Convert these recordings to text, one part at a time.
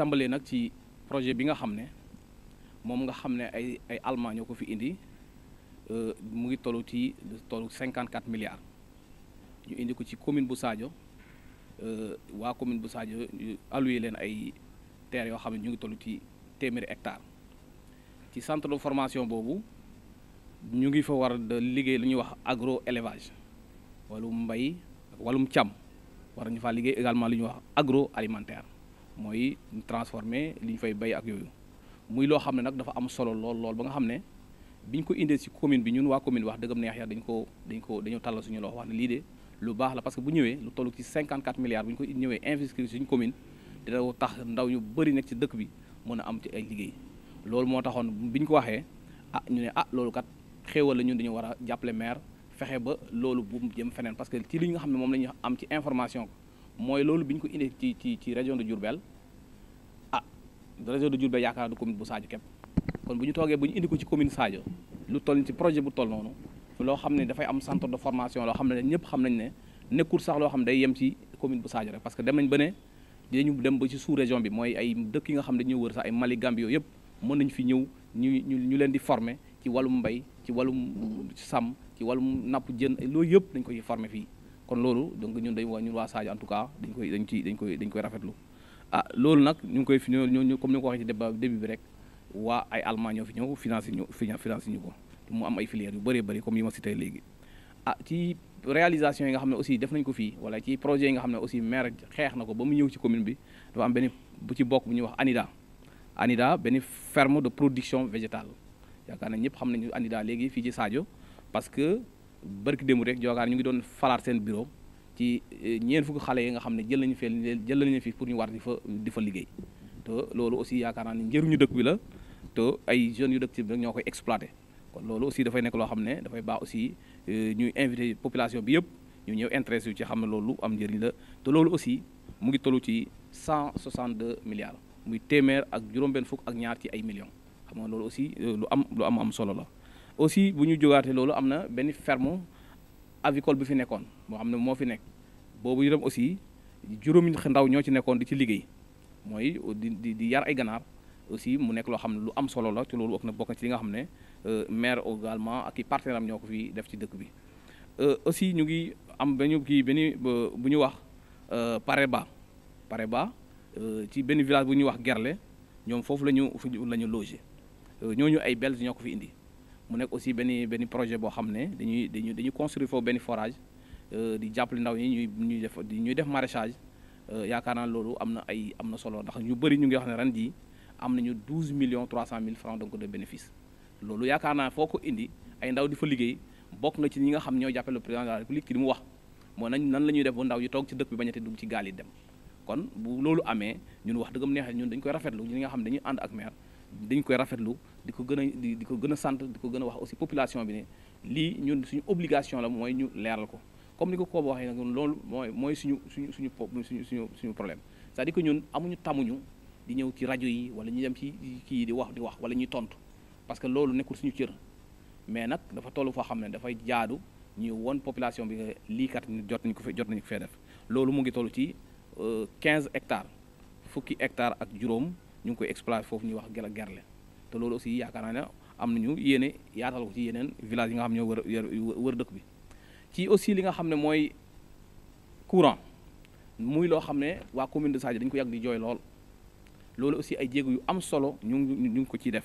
tàmbalee nag ci projet bi nga xam ne moom nga xam ne ay ay allemand ñoo ko fi indi euh, mu ngi tollu ci tollu cinquante quatre milliards ñu indi ko ci commune bu Sadio euh, waa commune bu Sadio alloué leen ay terres yoo xam ne ñu ngi tollu ci téeméeri hectares ci centre de formation boobu ñu ngi fa war a liggéey lu ñuy wax agro élevage wàllum mbay wàllum càmm war ñu faa liggéey également lu ñuy wax agro alimentaire. mooy transformer li ñu fay bay ak yooyu muy loo xam ne nag dafa am solo lool lool ba nga xam ne ñu ko indee ci commune bi ñun waa commune wax dëggam neex ya dañ ko dañ ko dañoo suñu loxo wax ne lii de lu baax la parce que bu ñëwee lu toll ci 54 milliards bu ñu ko ñëwee investir suñu commune dina tax ndaw ñu bëri nekk ci dëkk bi mën a am ci ay liggéey loolu moo taxoon bi ñu ko waxee a ah ñu ne a ah loolu kat xéewal la ñun dañu war a jàppale maire fexe ba loolu bu jëm feneen parce que ci li nga xam moom la ñu am ci information mooy loolu bi ñu ko indi ci ci ci région de Diourbel ah région de Diourbel yaakaar du commune bu Sadio kepp kon bu ñu toogee bu ñu indi ko ci commune Sadio lu toll ci projet bu toll noonu loo xam ne dafay am centre de formation loo xam ne ñëpp xam nañ ne nekkul sax loo xam ne day yem ci commune bu Sadio rek parce que dem nañ ba ne dinañu dem ba ci sous région bi mooy ay dëkk yi nga xam ne dañuy wër sax ay Mali Gambie yooyu yëpp mën nañ fi ñëw ñu ñu ñu leen di former ci wàllum mbay ci wàllum sàmm ci wàllum napp jën loolu yëpp dañ koy former fii kon loolu donc ñun dañ ñun waa Sadio en tout cas dañ koy dañ ci dañ koy dañ koy ah loolu nag ñu ngi koy fi ñooñu comme ni nga rek waa ay Allemagne ñoo fi ñëw financé ñu financé ñu ko mu am ay filières yu bëree bëri comme yi ma cité léegi ah ci réalisation yi nga xam ne aussi def nañ ko fii wala ci projet yi nga xam ne aussi maire xeex na ko ba mu ñëw ci commune bi dafa am benn bu ci bokk bu ñu wax ANIDA ANIDA benn ferme de production végétale yaakaar nañ ñëpp xam nañu ANIDA léegi fii ci Sadio barki démb rek jogaar ñu ngi doon falaat seen bureau ci eh, ñeen fukki xale yi nga xam ne jël nañu fee jël nañu fii pour ñu war di fa di liggéey te loolu aussi yaakaar naa ni njëriñu dëkk bi la te ay jeunes yu dëkk ci bi ñoo koy exploité kon loolu aussi dafay nekk loo xam ne dafay baax aussi eh, ñuy invité population bi yëpp ñu ñëw intéressé yu ci xam ne loolu am njëriñ la te loolu aussi mu ngi tollu ci 162 milliards muy téeméer ak juróom-benn fukk ak ñaar ci ay millions xam nga loolu aussi eh, lu am lu am am solo la aussi bu ñu jógaatee loolu am na benn fermo avicole bi fi nekkoon moo xam ne moo fi nekk boobu itam aussi juróomi ndaw ñoo ci nekkoon di ci liggéey mooy di di yar ay ganaar aussi mu nekk loo xam ne lu am solo la ci loolu ak na bokk ci li nga xam ne euh, maire également ak i parte am ñoo ko fi def ci dëkk bi euh, aussi ñu ngi am benn kii benn euh, bu ñu wax pare ba pare ba ci benn village bu ñuy wax Gerle ñoom foofu la ñu la ñu ñooñu ay Belge ñoo ko fi indi mu nekk aussi benn benn projet boo xam ne dañuy dañuy dañuy construire foofu benn forage euh, di jàppale ndaw ñi ñuy ñuy def ñuy def maraîchage euh, yaakaar naa loolu am na ay am na solo ndax ñu bëri ñu ngi wax ne ren jii am nañu douze millions trois cent mille francs donc de bénéfice loolu yaakaar naa foo ko indi ay ndaw di fa liggéey bokk nga ci ñi nga xam ñoo jàppale le président de la république ki li mu wax moo nan la ñuy def ba ndaw yi toog ci dëkk bi bañate dugg ci gaal yi dem kon bu loolu amee ñun wax dëggam neexee ñun dañu koy rafetlu ñi nga xam ne dañuy ànd ak maire dañ koy rafetlu di ko gën a di ko gën a sant di ko gën a wax aussi population bi ne lii ñun suñu obligation la mooy ñu leeral ko comme ni ko kooba waxee nag loolu mooy mooy suñu suñu suñu suñu suñu suñu problème cest di dire que ñun amuñu tamuñu di ñëw ci rajo yi wala ñu dem ci kii di wax di wax wala ñuy tontu parce que loolu nekkul suñu cër mais nag dafa tollu foo xam ne dafay jaadu ñu won population bi lii kat jot nañu ko fee jot nañu ko fee def loolu mu ngi tollu ci 15 euh, hectares fukki hectares ak juróom ñu ngi koy exploité foofu ñuy wax gela gerle te loolu aussi yaakaar naa ne am nañu yéene yaatal ko ci yeneen village yi nga xam ñoo wër wër dëkk bi ci aussi li nga xam ne mooy courant muy loo xam ne waa commune de Sadio dañ ko yàgg di jooy lool loolu aussi ay jéego yu am solo ñu ngi ko ciy def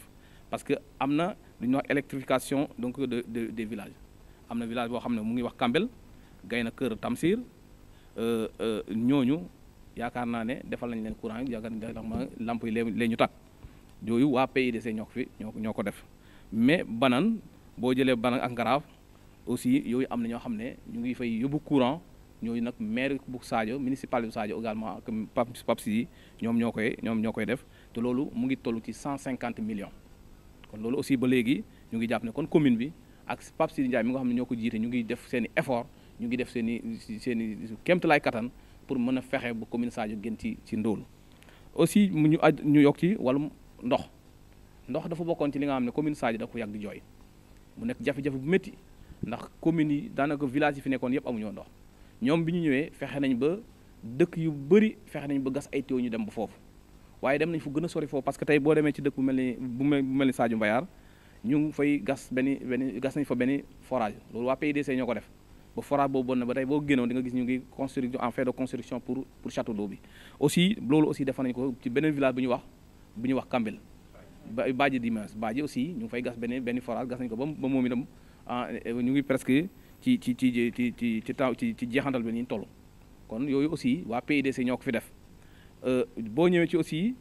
parce que am na lu ñuy wax électrification donc de de des villages am na village boo xam ne mu ngi wax Kambel gay na kër Tamsir euh, euh, ñooñu yaakaar naa ne defal nañ leen courant yi yaakaar naa lamp yi lee ñu tàkk yooyu waa PIDC ñoo ko fi ñoo ñoo ko def mais banan boo jëlee banan ak ngaraaf aussi yooyu am na ñoo xam ne ñu ngi fay yóbbu courant ñooyu nag maire bu Sadio municipal bu Sadio également ak PAPS yi ñoom ñoo koy ñoom ñoo koy def te loolu mu ngi toll ci cent cinquante million kon loolu aussi ba léegi ñu ngi jàpp ne kon commune bi ak PAPS Ndiaye mi nga xam ne ñoo ko jiite ñu ngi def seen i effort ñu ngi def seen i seen i kéemtalaay kattan pour mën a fexe bu commune Sadio gën ci ci ndóol aussi mu ñu aj ñu yokk ci wàllum ndox ndox dafa bokkoon ci li nga xam ne commune Sadio da ko yàgg jooy mu nekk jafe-jafe bu métti ndax communes yi daanaka village yi fi nekkoon yëpp amuñoo ndox ñoom bi ñu ñëwee fexe nañ ba dëkk yu bëri fexe nañ ba gas ay ñu dem ba foofu waaye dem nañ fu gën a sori foofu parce que tey boo demee ci dëkk bu mel ni bu mel ni Sadio Mbayar ñu ngi fay gas benn benn gas nañ fa benn forage loolu waa PDC ñoo ko def ba forage boobu bon na ba tey boo génnoon di nga gis ñu ngi construction en fait de construction pour pour château d'eau bi aussi loolu aussi defa nañu ko ci beneen village bu ñu wax bu ñu wax Kambel ba Badji dimanche Badji aussi ñu ngi fay gas benn benn forage gas nañu ko ba ba moom itam ah, eh, ñu ngi presque ci ci ci ci ci ci taw ci ci jeexantal bi ñu toll kon yooyu aussi waa de PIDC ñoo ko fi def euh, boo ñëwee ci aussi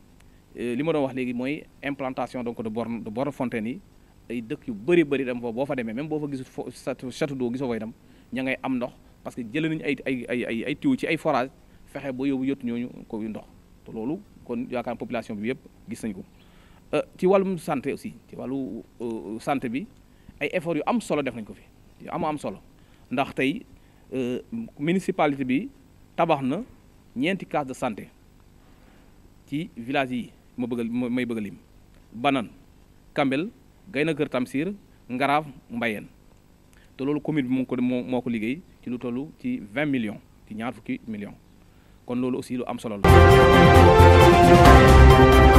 euh, li ma doon wax léegi mooy implantation donc de borne de borne fontaine yi ay dëkk yu bëri bëri dem foofu boo fa demee même boo fa ña ngay am ndox parce que jëlee nañu ay ay ay ay ay tiw ci ay forage fexe ba yóbbu yottu ñooñu ko yu ndox te loolu kon yaakaar population bi yëpp gis nañ ko euh, ci wàllum santé aussi ci wàllu euh, santé bi ay efforts yu am solo def nañ ko fi yu am am solo ndax tey euh, municipalité bi tabax na ñeenti case de santé ci village yi ma bëgg may bëgg lim Banan Kambel Gayna Kër Tamsir Ngaraaf Mbayeen te loolu commune bi moo ko moo ko liggéey ci lu toll ci vingt millions ci ñaar fukki millions kon loolu aussi lu am solo la.